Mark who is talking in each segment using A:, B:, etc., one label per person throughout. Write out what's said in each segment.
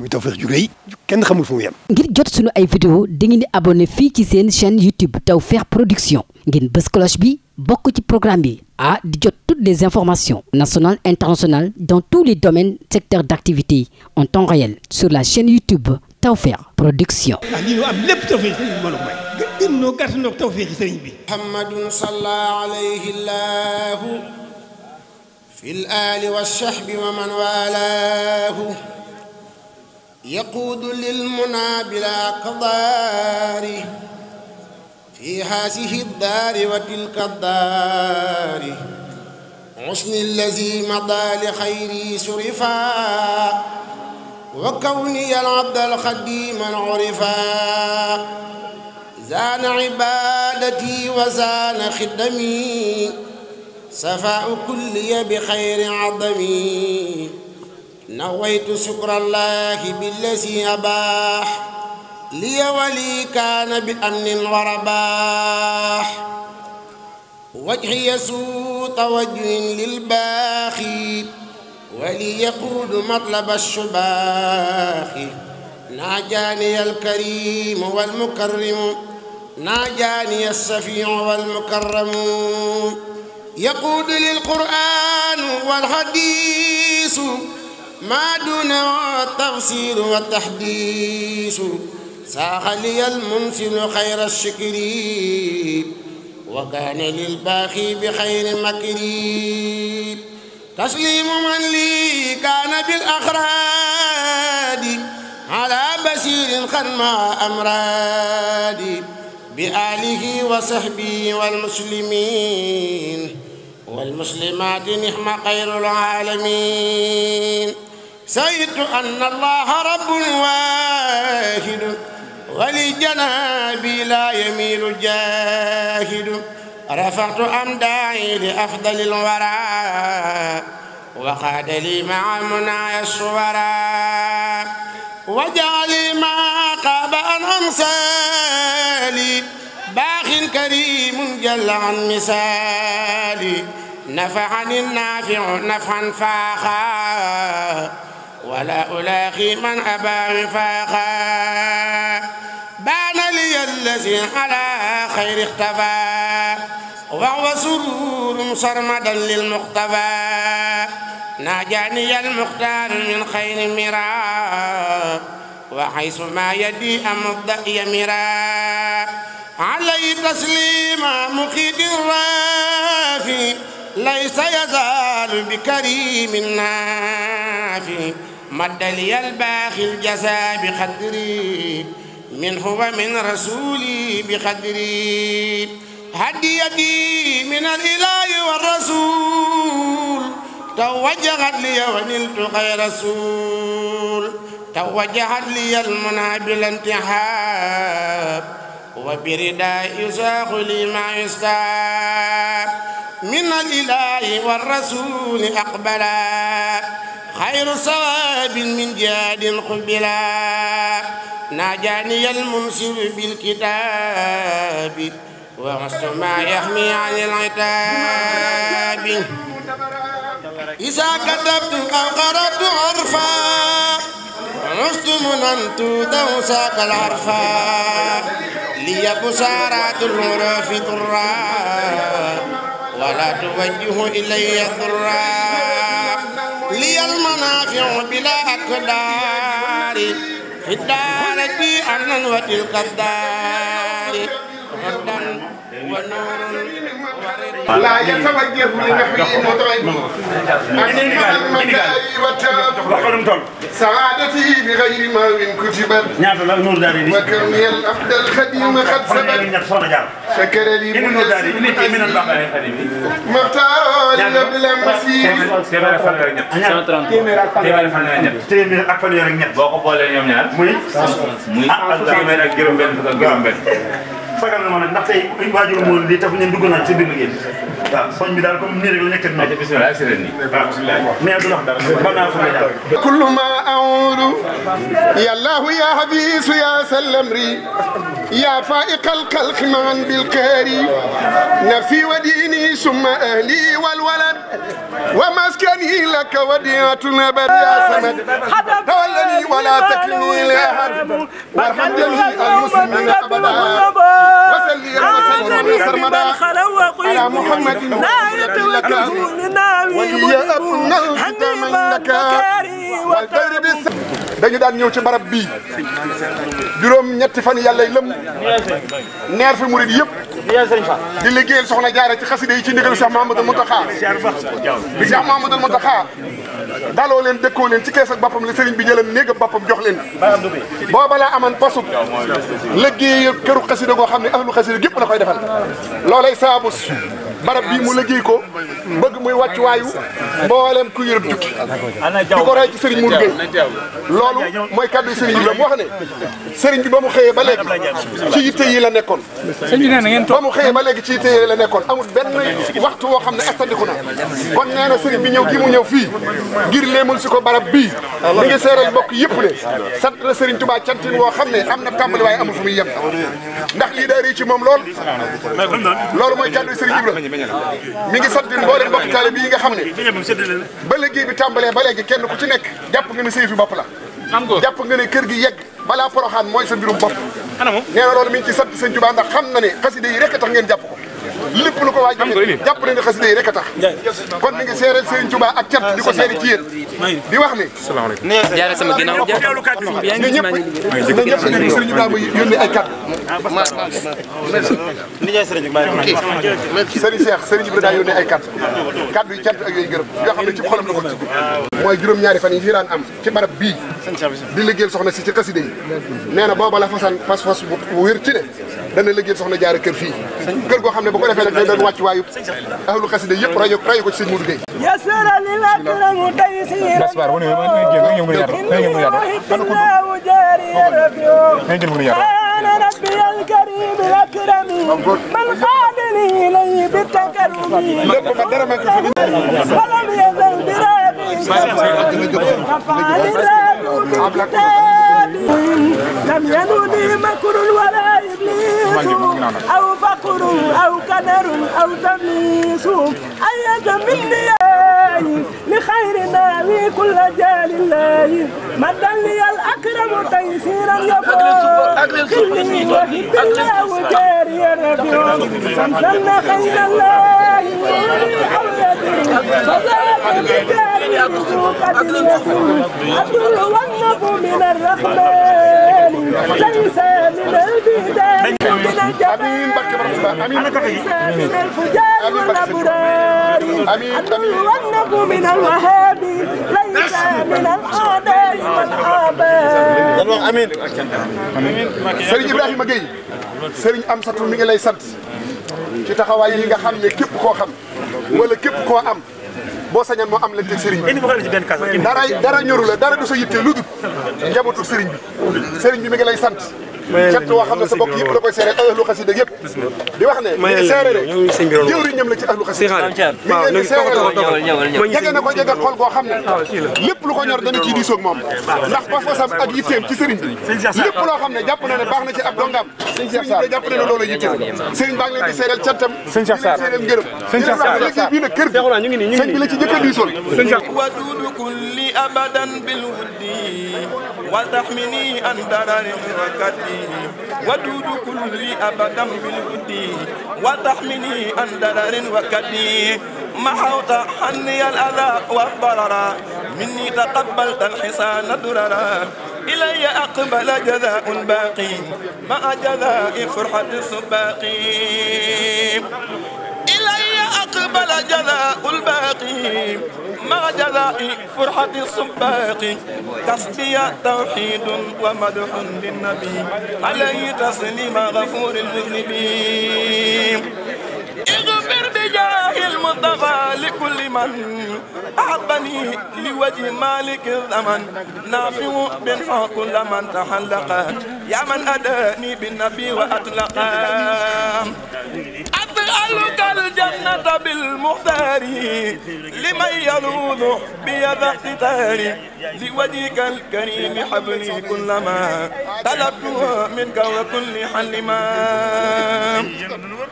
A: muy Tawfekh ju rëy kenn xamul fu mu ngir jot sunu ay vidéo dangeen di abonné fii ci seen chaîne YouTube Tawfekh Production ngeen bës cloche bi bokk ci programme bi ah di jot toutes les informations nationales internationales dans tous les domaines secteurs d'activité en temps réel sur la chaîne YouTube Tawfekh Production.
B: ah lii ñu am lépp Tawfekh sëriñ bi mbooloo mooy. gën gën ñoo gàtt ñoo Tawfekh sëriñ bi. Muhammadun sallallahu alayhi wa sallam. fil aali wa sahbi wa man walaahu. يقود للمنى بلا قضار في هذه الدار وتلك الدار حسن الذي مضى لخيري سرفا وكوني العبد الخديم عرفا زان عبادتي وزان خدمي صفاء كلي بخير عظمي nawaytu sukrallaahi billasi abaax liya wali kaana bi amnin wa rabaax wajhiya suuta wajhin lilbaaxi wali yaquudu matlaba shubaaxi naajaaniya alkarimu walmukarrimu naajaaniya alsafiicu walmukarramu yaquudu lilqur'aanu walhadiisu ما دون تفسير وتحديث ساق لي الممثل خير الشكر وكان للباخي بخير مكر تسليم من لي كان بالأخراد على بسير خدم أمراد بآله وصحبه والمسلمين والمسلمات نحم خير العالمين سيد أن الله رب واحد ولجنابي لا يميل جاهد رفعت أمداعي لأفضل الورى وقعد لي مع منايا الصورى وجعلي مع قاب أن أمثالي باخ كريم جل عن مثالي نفعني النافع نفعا فاخا ولا ألاقي من أبى وفاقا بان لي الذي على خير اختفى وهو سرور سرمدا للمختفى ناجاني المختار من خير مرا وحيث ما يدي أمض يمرا علي تسليما مخيد الرافي ليس يزال بكريم نافي مد لي الباخي الجزاء بقدري منه ومن رسولي بقدري هديتي من الإله والرسول توجهت لي ونلت غير سول توجهت لي المنى بالانتحاب وبرداء يساق لي ما يستاب من الإله والرسول أقبلا خير صواب من جاد قبلا ناجاني المنصر بالكتاب وغصت ما يحمي عن العتاب إذا كتبت أو قرأت عرفا عشت مننت دوساك العرفا لي بسارات الغرف ضرا ولا توجه إلي ضرا لي المنافع بلا أقدار في الدارة أنا وتلك الدار غدا
A: ونور لا يتوجه من نحوه مضرب أجمل سعادته بغير ما كتبت وكرمي الأبد الخديم قد سبت شكر لي مختار لي بالمسيح téeméer ak fanweer ak ñett boo ko boolee ñoom ñaar muy muy ah, téeméer ak juróom benn fukk ak juróom benn fagal na ma nag ndax tey waajur moo lii tax ñun dugg naa ci biir liggéey bi waaw soñ bi daal comme nii rek la nekk ak noonu bismillah sëriñ ni mais du wax dara ba naa fu muy daal kullu ma a'udu ya allah ya habisu ya salamri ya fa'iqal khalqi man bil khari نفي وديني ثم أهلي والولد ومسكني لك وديعة أبد يا سند تولني ولا تكلني إلى أحد وارحمني المسلمين أبدا وسلي وسلم سرمدا على محمد لا لك وليا أبنا الختام لك والدرب dañu daan ñëw ci barab bii juróom ñetti fan yàlla lëm neer fi murid yëpp di liggéeyal soxna jaara ci xasida yi ci ndigal Cheikh Mamadou Moutakha bi Cheikh Mamadou Moutakha daloo leen dëkkoo leen ci kees ak boppam la sëriñ bi jëlam néegam boppam jox leen booba laa aman pasub liggéey këru xasida goo xam ne ahlu xasida gépp la koy defal loolay saabus barab bii mu liggéey ko bëgg muy wàccuwaayu mboolem ku yërëb tukki di ko roy ci sëriñ Mourou Gueye loolu mooy kaddu sëriñ la ba mu xëyee ba nekkoon ba mu xëyee ba léegi ci yitte yi la nekkoon amul benn waxtu woo xam ne estandiku na kon nee sëriñ bi ñëw gi mu ñëw fii ngir léemul si ko barab bii li ngi seeral mbokk yëpp ne sant na sëriñ Touba cantin woo xam ne am na tàmbali waaye muy yem ndax lii day rëy ci moom lool loolu mooy kaddu sëriñ Ibra mi ngi ah. sant mboolem mbokki ah. taalibe yi nga xam ne ba liggéey bi tàmbalee ba kenn ku ci nekk jàpp nga ne sëy fi la jàpp nga ne kër gi yegg balaa poroxaan mooy sa mbirum bopp nee na loolu mi ngi ci sant sëñ Tuubaa ndax xam na ne xasida yi rek tax ngeen jàpp ko lépp lu ko waaj a jàpp na ne xasida yi rek a tax kon mi ngi seereel Serigne Touba ak cant di ko seere ci yéen di wax ne salaamaaleykum jaare sama ginnaaw ne ñëpp ne ñëpp ay kàddu ah, Serigne Cheikh Serigne Ibrahima daa ay kàddu kàddu yu cant ak yooyu gërëm xam ne ci xolam la ko mooy juróom-ñaari fan yi fi daan am ci barab bii di liggéeyal soxna si ci xasida yi nee booba la fasan pas-pas bu wér ci ne dana liggéeyal soxna jaare kër fii kër goo xam ne bu ko defee nag day doon wàccuwaayu ahlu xasida yëpp rajo rajo ko ci sëñ Modou Gueye لم ينوني مكر ولا إبليس
C: أو صبر أو قدر أو تمييز أية من لخير ناوي كل جال الله مدا لي الأكرم تيسيرا يقول خلي وهب الله جاري ربيع سمسمنا خير الله
A: أبيض فزاد الجاري عبد الوهاب من الرحمن amiin barke borom Tuubaa amiin amiin Serigne Ibrahima Gueye Serigne Amsatou mi ngi lay sant ci taxawaay yi nga xam ne képp koo xam wala képp koo am boo sañoon moo am lente sëriñ bi dara dara ñoru la dara du sa yitte lu dul njabootu sëriñ bi sëriñ bi mi ngi sant cant woo xam ne sa bopp yëpp da ahlu xasida yëpp di wax ne ñu ngi seere rek jëwri ñëm la ci ahlu xasida mi ngi seere ne ci sëriñ bi lépp loo xam ne ci ab dongam sëriñ bi ne loolu yitteem sëriñ baa ngi leen di seereel cantam sëriñ Cheikh Sarr seereel ngërëm ci jëkk
C: a ودود كلي أبدا بالهدي وتحمني عن درر وكدي محوت حني الأذى والضرر مني تقبلت الحصان دررا إلي أقبل جزاء باقي مع جزاء فرحة السباقي أقبل جلاء الباقي مع جلاء فرحة الصباق تسبية توحيد ومدح للنبي عليه تسليم غفور المذنبين اغفر بجاه المصطفى لكل من أحبني لوجه مالك الزمن نافع بن فوق كل من تحلق يا من أداني بالنبي وأطلقا اجعلك الجنة بالمختار لمن يلوذ بيد اختتاري لوجهك الكريم حبلي كلما طلبتها منك وكل حل ما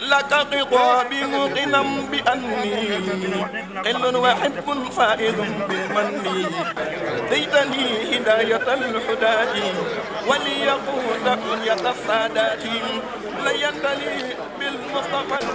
C: لك خطابي موقنا بأني قل وحب فائض بالمن ديتني هداية الحداة وليقود كلية السادات لينتلي بالمصطفى